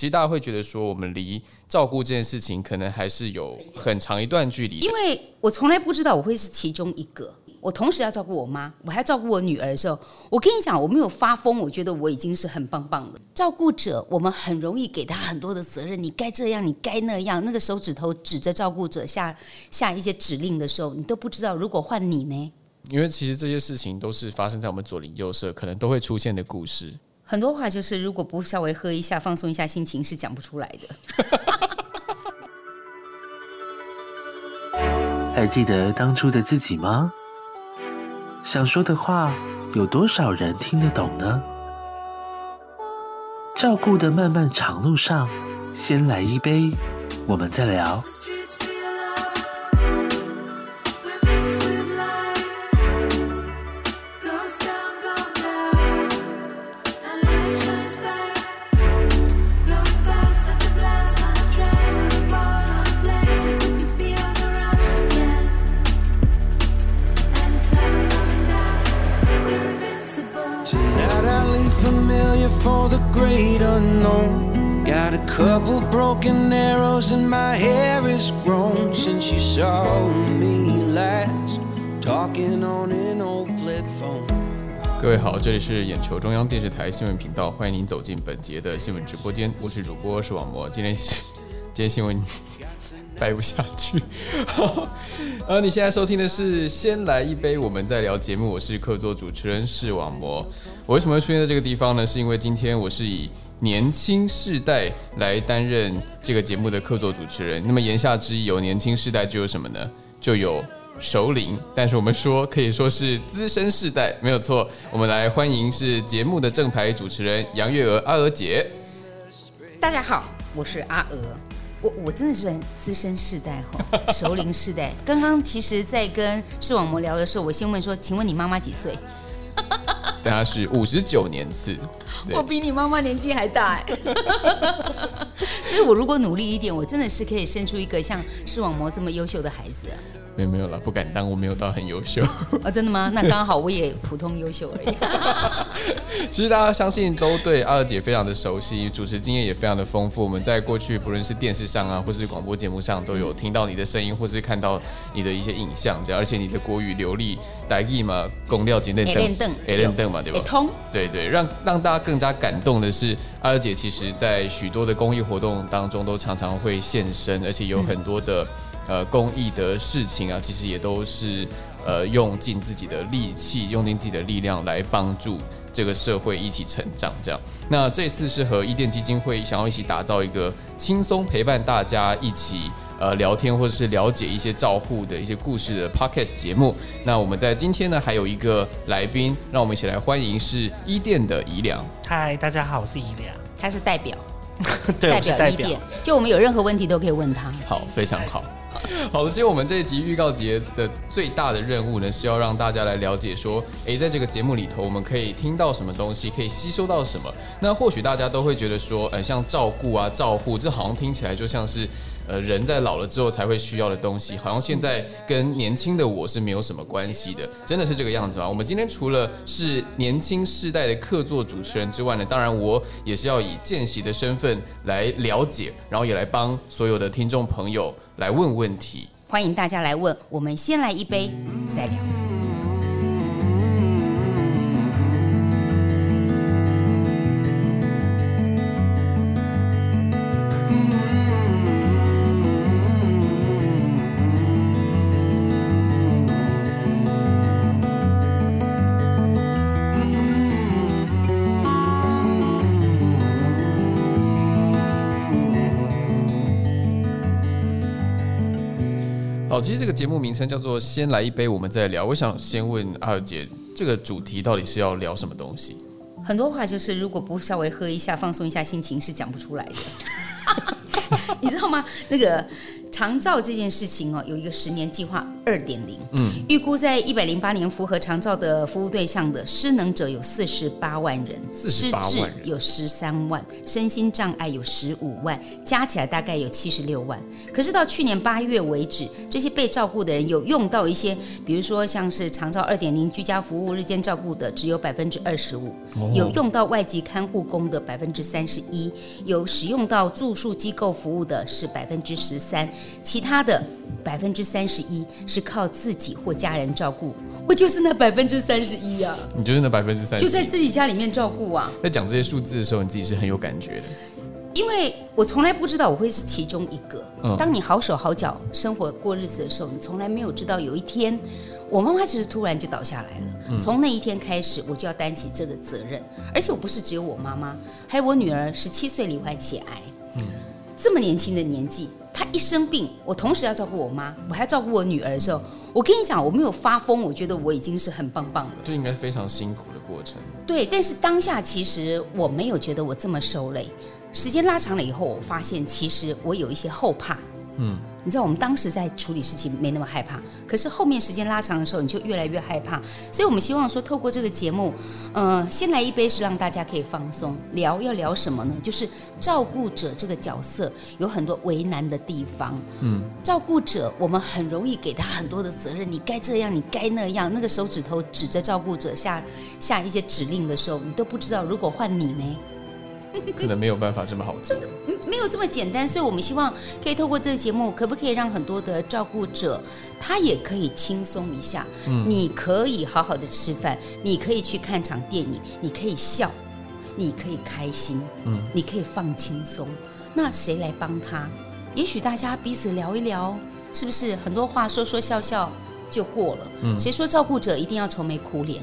其實大家會覺得說，我們離照顧這件事情可能還是有很長一段距離。因為我從來不知道我會是其中一個，我同時要照顧我媽，我還要照顧我女兒的時候，我跟你講，我沒有發瘋，我覺得我已經是很棒棒的。照顧者，我們很容易給他很多的責任，你該這樣，你該那樣。那個手指頭指着照顧者下下一些指令的時候，你都不知道，如果換你呢？因為其實這些事情都是發生在我們左鄰右舍，可能都會出現的故事。很多話就是如果不稍微喝一下，放鬆一下心情，是講不出來的。 還記得當初的自己嗎？想說的話，有多少人聽得懂呢？照顧的漫漫長路上，先來一杯，我們再聊。各位好，這裡是眼球中央電視台新聞頻道，歡迎您走進本節的新聞直播間，我是主播視網膜。今天今天新聞掰 不下去， 呃，你現在收聽的是《先來一杯，我們再聊》節目，我是客座主持人視網膜。我為什麼會出現在這個地方呢？是因為今天我是以。年輕世代來擔任這個節目的客座主持人，那麼言下之意，有年輕世代就有什麼呢？就有熟齡。但是我們說可以說是資深世代，沒有錯。我們來歡迎是節目的正牌主持人楊月娥阿娥姐。大家好，我是阿娥，我我真的是資深世代吼、哦，熟齡世代。 剛剛其實，在跟視網膜聊，聊的時候，我先問說，請問你媽媽幾歲？ 他是五十九年次，我比你媽媽年紀還大耶 所以，我如果努力一點，我真的是可以生出一個像視網膜這麼優秀的孩子。沒有沒有了，不敢當，我沒有到很優秀。啊、 哦，真的嗎？那剛好我也普通優秀而已。 其實大家相信都對阿娥姐非常的熟悉，主持經驗也非常的豐富。我們在過去不論是電視上啊，或是廣播節目上，都有聽到你的聲音，或是看到你的一些影像，這樣。而且你的國語流利，台語嘛，公料，精練，等等。練鄧嘛，對，對吧？通對，對對，讓讓大家更加感動的是，阿娥姐其實在許多的公益活動當中，都常常會現身，而且有很多的、嗯。呃，公益的事情啊，其實也都是呃用盡自己的力氣，用盡自己的力量來幫助這個社會一起成長。這樣，那這次是和伊甸基金會想要一起打造一個輕鬆陪伴大家一起呃聊天或者是了解一些照顧的一些故事的 podcast 節目。那我們在今天呢，還有一個來賓，讓我們一起來歡迎是伊甸的宜良。嗨，大家好，我是宜良，他是代表， 對代表伊甸，就我們有任何問題都可以問他。好，非常好。好的，其實我們這一集預告節的最大的任務呢，是要讓大家來了解說，誒，在這個節目裡頭，我們可以聽到什麼東西，可以吸收到什麼。那或許大家都會覺得說，哎、呃，像照顧啊、照護，這好像聽起來就像是。呃，人在老了之後才會需要的東西，好像現在跟年輕的我是沒有什麼關係的，真的是這個樣子嗎？我們今天除了是年輕世代的客座主持人之外呢，當然我也是要以見習的身份來了解，然後也來幫所有的聽眾朋友來問問題。歡迎大家來問，我們先來一杯，再聊。其實這個節目名稱叫做“先來一杯，我們再聊”。我想先問二姐，這個主題到底是要聊什麼東西？很多話就是，如果不稍微喝一下，放鬆一下心情，是講不出來的。你知道嗎？那個。長照這件事情哦，有一個十年計劃二點零，嗯，預估在一百零八年符合長照的服務對象的失能者有四十八萬人，48萬人，失智有十三萬，身心障礙有十五萬，加起來大概有七十六萬。可是到去年八月為止，這些被照顧的人有用到一些，比如說像是長照二點零居家服務、日間照顧的只有百分之二十五，有用到外籍看護工的百分之三十一，有使用到住宿機構服務的是百分之十三。其他的百分之三十一是靠自己或家人照顧，我就是那百分之三十一啊。你就是那百分之三十一，就在自己家裡面照顧啊。在講這些數字的時候，你自己是很有感覺的，因為我從來不知道我會是其中一個。當你好手好腳生活過日子的時候，你從來沒有知道有一天，我媽媽就是突然就倒下來了。從那一天開始，我就要擔起這個責任，而且我不是只有我媽媽，還有我女兒十七歲罹患血癌。嗯。這麼年輕的年紀，他一生病，我同時要照顧我媽，我還要照顧我女兒的時候，我跟你講，我沒有發瘋，我覺得我已經是很棒棒了。這應該非常辛苦的過程。對，但是當下其實我沒有覺得我這麼受累，時間拉長了以後，我發現其實我有一些後怕。嗯，你知道我們當時在處理事情沒那麼害怕，可是後面時間拉長的時候，你就越來越害怕。所以我們希望說，透過這個節目，嗯、呃，先來一杯是讓大家可以放鬆。聊要聊什麼呢？就是照顧者這個角色有很多為難的地方。嗯，照顧者我們很容易給他很多的責任，你該這樣，你該那樣。那個手指頭指着照顧者下下一些指令的時候，你都不知道如果換你呢？可能沒有辦法這麼好做， 沒有這麼簡單，所以我們希望可以透過這個節目，可不可以讓很多的照顧者，他也可以輕鬆一下。嗯，你可以好好的吃飯，你可以去看場電影，你可以笑，你可以開心，嗯，你可以放輕鬆。那誰來幫他？也許大家彼此聊一聊，是不是很多話說說笑笑就過了？嗯，誰說照顧者一定要愁眉苦臉？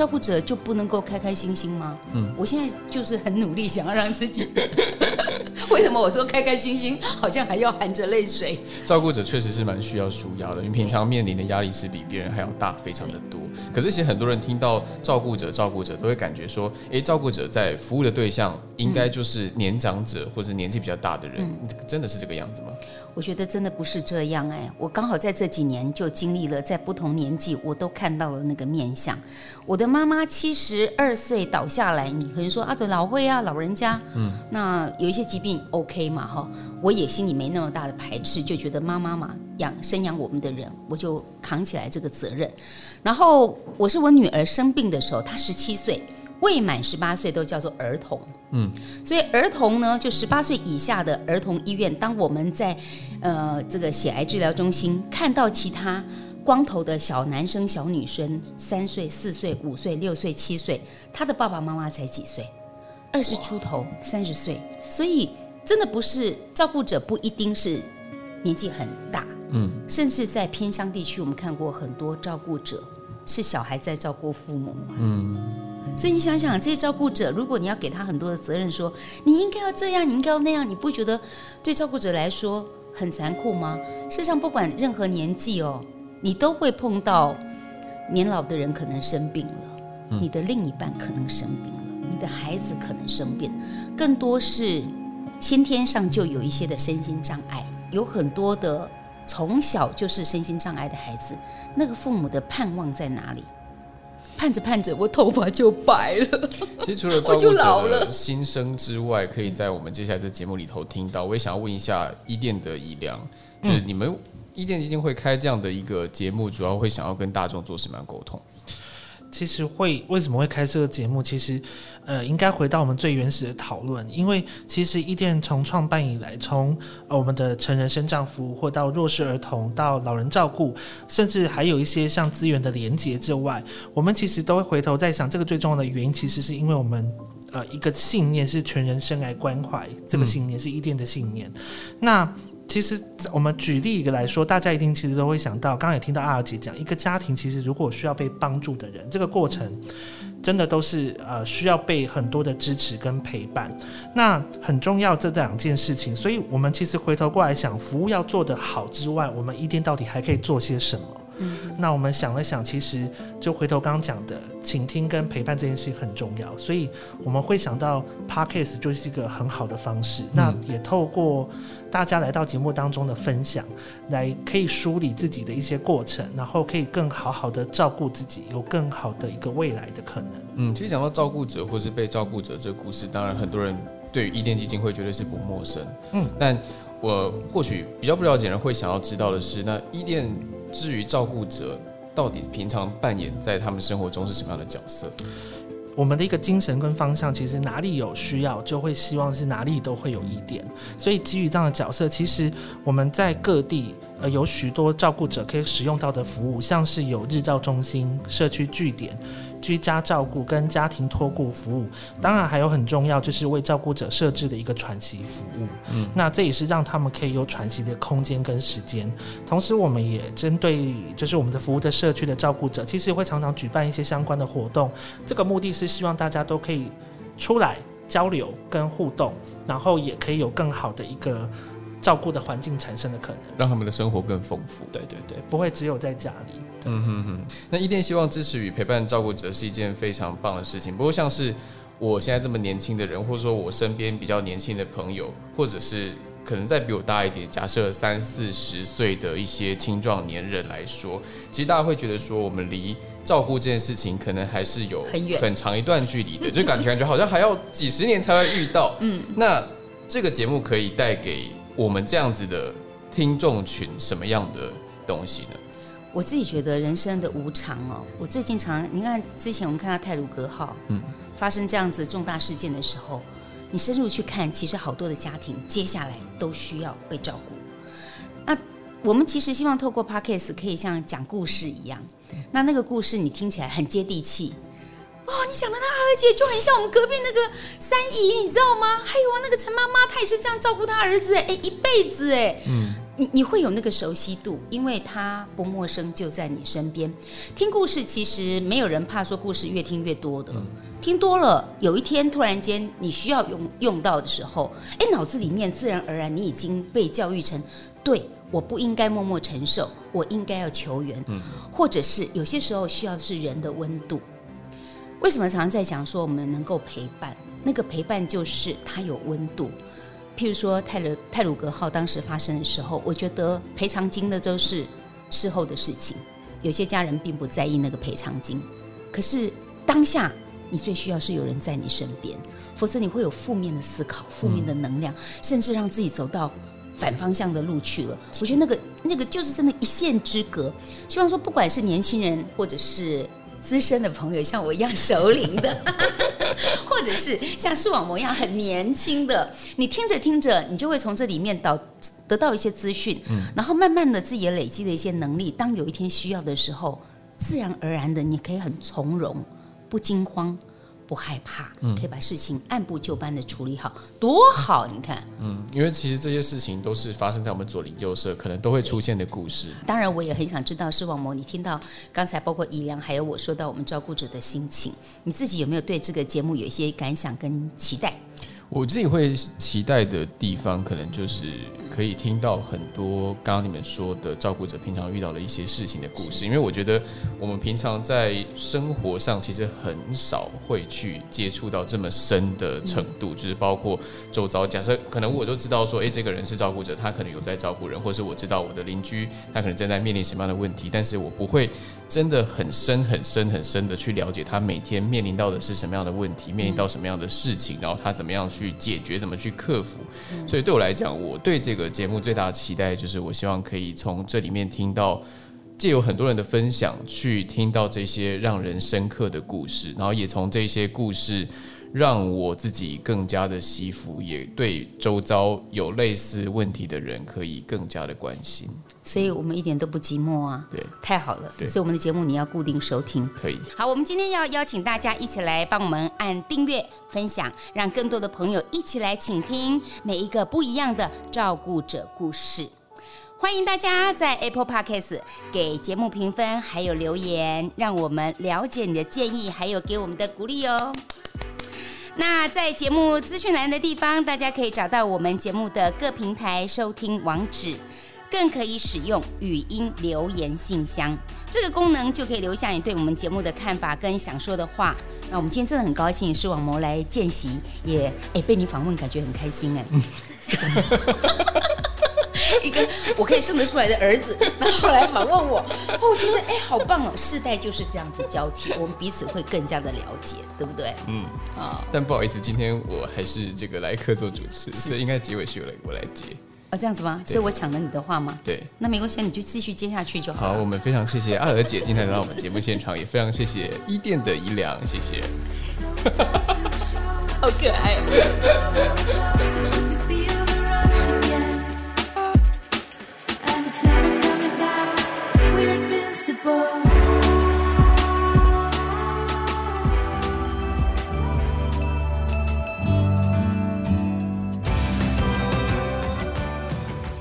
照顧者就不能夠開開心心嗎？嗯，我現在就是很努力想要讓自己。 為什麼我說開開心心，好像還要含着淚水？照顧者確實是蠻需要舒壓的，因為平常面臨的壓力是比別人還要大，非常的多。可是其實很多人聽到“照顧者”“照顧者”都會感覺說：“哎、欸，照顧者在服務的對象應該就是年長者或者年紀比較大的人。”真的是這個樣子嗎？我覺得真的不是這樣。哎，我剛好在這幾年就經歷了，在不同年紀我都看到了那個面向。我的。媽媽七十二歲倒下來，你可能說啊，這老魏啊，老人家，嗯，那有一些疾病 OK 嘛，哈，我也心裡沒那麼大的排斥，就覺得媽媽嘛，養生養我們的人，我就扛起來這個責任。然後我是我女兒生病的時候，她十七歲，未滿十八歲都叫做兒童，嗯，所以兒童呢，就十八歲以下的兒童醫院，當我們在呃這個血癌治療中心看到其他。光頭的小男生、小女生，三歲、四歲、五歲、六歲、七歲，他的爸爸媽媽才幾歲？二十出頭，三十歲。所以，真的不是照顧者不一定是年紀很大，嗯，甚至在偏鄉地區，我們看過很多照顧者是小孩在照顧父母，嗯。所以你想想，這些照顧者，如果你要給他很多的責任，說你應該要這樣，你應該要那樣，你不覺得對照顧者來說很殘酷嗎？事實上，不管任何年紀哦。你都會碰到年老的人可能生病了，嗯、你的另一半可能生病了，你的孩子可能生病了，更多是先天上就有一些的身心障礙，有很多的從小就是身心障礙的孩子，那個父母的盼望在哪裡？盼着盼着，我頭髮就白了。其實除了照顧者的心聲之外，可以在我們接下來的節目裡頭聽到。嗯、我也想要問一下伊甸的宜良，就是你們。伊甸基金會開這樣的一個節目，主要會想要跟大眾做什麼樣的溝通？其實會為什麼會開這個節目？其實，呃，應該回到我們最原始的討論。因為其實伊甸從創辦以來，從、呃、我們的成人身障服務或到弱勢兒童，到老人照顧，甚至還有一些像資源的連結之外，我們其實都會回頭在想，這個最重要的原因，其實是因為我們呃一個信念，是全人生涯關懷這個信念，是伊甸的信念。嗯、那其實，我們舉例一個來說，大家一定其實都會想到，剛剛也聽到月娥姐講，一個家庭其實如果需要被幫助的人，這個過程真的都是呃需要被很多的支持跟陪伴。那很重要這兩件事情，所以我們其實回頭過來想，服務要做得好之外，我們一天到底還可以做些什麼？那我們想了想，其實就回頭剛講的，傾聽跟陪伴這件事很重要，所以我們會想到 Podcast 就是一個很好的方式。嗯、那也透過大家來到節目當中的分享，來可以梳理自己的一些過程，然後可以更好好的照顧自己，有更好的一個未來的可能。嗯，其實講到照顧者或是被照顧者這個故事，當然很多人對於伊甸基金會絕對是不陌生。嗯，但。我或許比較不了解人會想要知道的是，那伊甸之於照顧者，到底平常扮演在他們生活中是什麼樣的角色？我們的一個精神跟方向，其實哪裡有需要，就會希望是哪裡都會有伊甸。所以基於這樣的角色，其實我們在各地，呃，有許多照顧者可以使用到的服務，像是有日照中心、社區據點。居家照顧跟家庭托顧服務，當然還有很重要就是為照顧者設置的一個喘息服務。嗯，那這也是讓他們可以有喘息的空間跟時間。同時，我們也針對就是我們的服務的社區的照顧者，其實也會常常舉辦一些相關的活動。這個目的是希望大家都可以出來交流跟互動，然後也可以有更好的一個照顧的環境產生的可能，讓他們的生活更豐富。對對對，不會只有在家裡。對嗯哼哼，那伊甸希望支持與陪伴照顧者是一件非常棒的事情。不過，像是我現在這麼年輕的人，或者說我身邊比較年輕的朋友，或者是可能再比我大一點，假設三四十歲的一些青壯年人來說，其實大家會覺得說，我們離照顧這件事情可能還是有很遠、很長一段距離的，很遠 就感覺感覺好像還要幾十年才會遇到。嗯，那這個節目可以帶給我們這樣子的聽眾群什麼樣的東西呢？我自己覺得人生的無常哦，我最近常，你看之前我們看到太魯閣號，嗯，發生這樣子重大事件的時候，你深入去看，其實好多的家庭接下來都需要被照顧。那我們其實希望透過 Podcast 可以像講故事一樣，那那個故事你聽起來很接地氣，哦，你想到他二姐就很像我們隔壁那個三姨，你知道嗎？還有那個陳媽媽，她也是這樣照顧她兒子，哎，一輩子哎，嗯。你你會有那個熟悉度，因為他不陌生，就在你身邊。聽故事其實沒有人怕說故事越聽越多的，嗯、聽多了，有一天突然間你需要用用到的時候，誒，腦子裡面自然而然你已經被教育成，對，我不應該默默承受，我應該要求援，嗯、或者是有些時候需要的是人的溫度。為什麼常常在講說我們能夠陪伴，那個陪伴就是它有溫度。譬如說太魯、太魯閣號當時發生的時候，我覺得賠償金的都是事後的事情，有些家人並不在意那個賠償金。可是當下你最需要是有人在你身邊，否則你會有負面的思考、負面的能量，嗯、甚至讓自己走到反方向的路去了。我覺得那個那個就是真的一線之隔。希望說，不管是年輕人或者是資深的朋友，像我一樣熟齡的。 或者是像視網膜一樣很年輕的，你聽着聽着，你就會從這裡面導得到一些資訊，嗯，然後慢慢的自己也累積了一些能力，當有一天需要的時候，自然而然的你可以很從容，不驚慌。不害怕，可以把事情按部就班的處理好，嗯、多好！你看，嗯，因為其實這些事情都是發生在我們左鄰右舍，可能都會出現的故事。嗯、當然，我也很想知道，視網膜，你聽到剛才包括宜良還有我說到我們照顧者的心情，你自己有沒有對這個節目有一些感想跟期待？我自己會期待的地方，可能就是可以聽到很多剛剛你們說的照顧者平常遇到的一些事情的故事，因為我覺得我們平常在生活上其實很少會去接觸到這麼深的程度，就是包括周遭，假設可能我就知道說，誒，這個人是照顧者，他可能有在照顧人，或是我知道我的鄰居，他可能正在面臨什麼樣的問題，但是我不會。真的很深很深很深的去了解他每天面臨到的是什麼樣的問題，嗯、面臨到什麼樣的事情，然後他怎麼樣去解決，怎麼去克服。嗯、所以對我來講，我對這個節目最大的期待就是，我希望可以從這裡面聽到，借由很多人的分享去聽到這些讓人深刻的故事，然後也從這些故事。讓我自己更加的惜福，也對周遭有類似問題的人可以更加的關心。所以，我們一點都不寂寞啊！對，太好了。對所以我們的節目你要固定收聽。可以對。好，我們今天要邀請大家一起來幫我們按訂閱、分享，讓更多的朋友一起來傾聽每一個不一樣的照顧者故事。歡迎大家在 Apple Podcast 給節目評分，還有留言，讓我們了解你的建議，還有給我們的鼓勵哦。那在節目資訊欄的地方，大家可以找到我們節目的各平台收聽網址，更可以使用語音留言信箱這個功能，就可以留下你對我們節目的看法跟想說的話。那我們今天真的很高興，視網膜來見習，也、哎、被你訪問，感覺很開心、哎。嗯 一個我可以生得出來的兒子，然後,後來訪問我，哦、我覺得哎，好棒哦，世代就是這樣子交替，我們彼此會更加的了解，對不對？嗯啊，哦、但不好意思，今天我還是這個來客座主持，是所以應該結尾是我來接啊、哦，這樣子嗎？對所以我搶了你的話嗎？對，那沒關係，你就繼續接下去就好。好，我們非常謝謝阿娥姐今天來到我們節目現場， 也非常謝謝伊甸的宜良，謝謝，好可愛。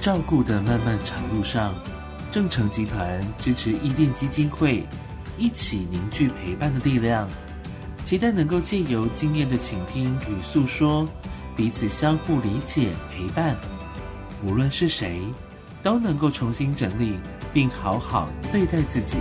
照顧的漫漫長路上，正成集團支持伊甸基金會，一起凝聚陪伴的力量。期待能夠藉由經驗的傾聽與訴說，彼此相互理解陪伴。無論是誰，都能夠重新整理。並好好對待自己。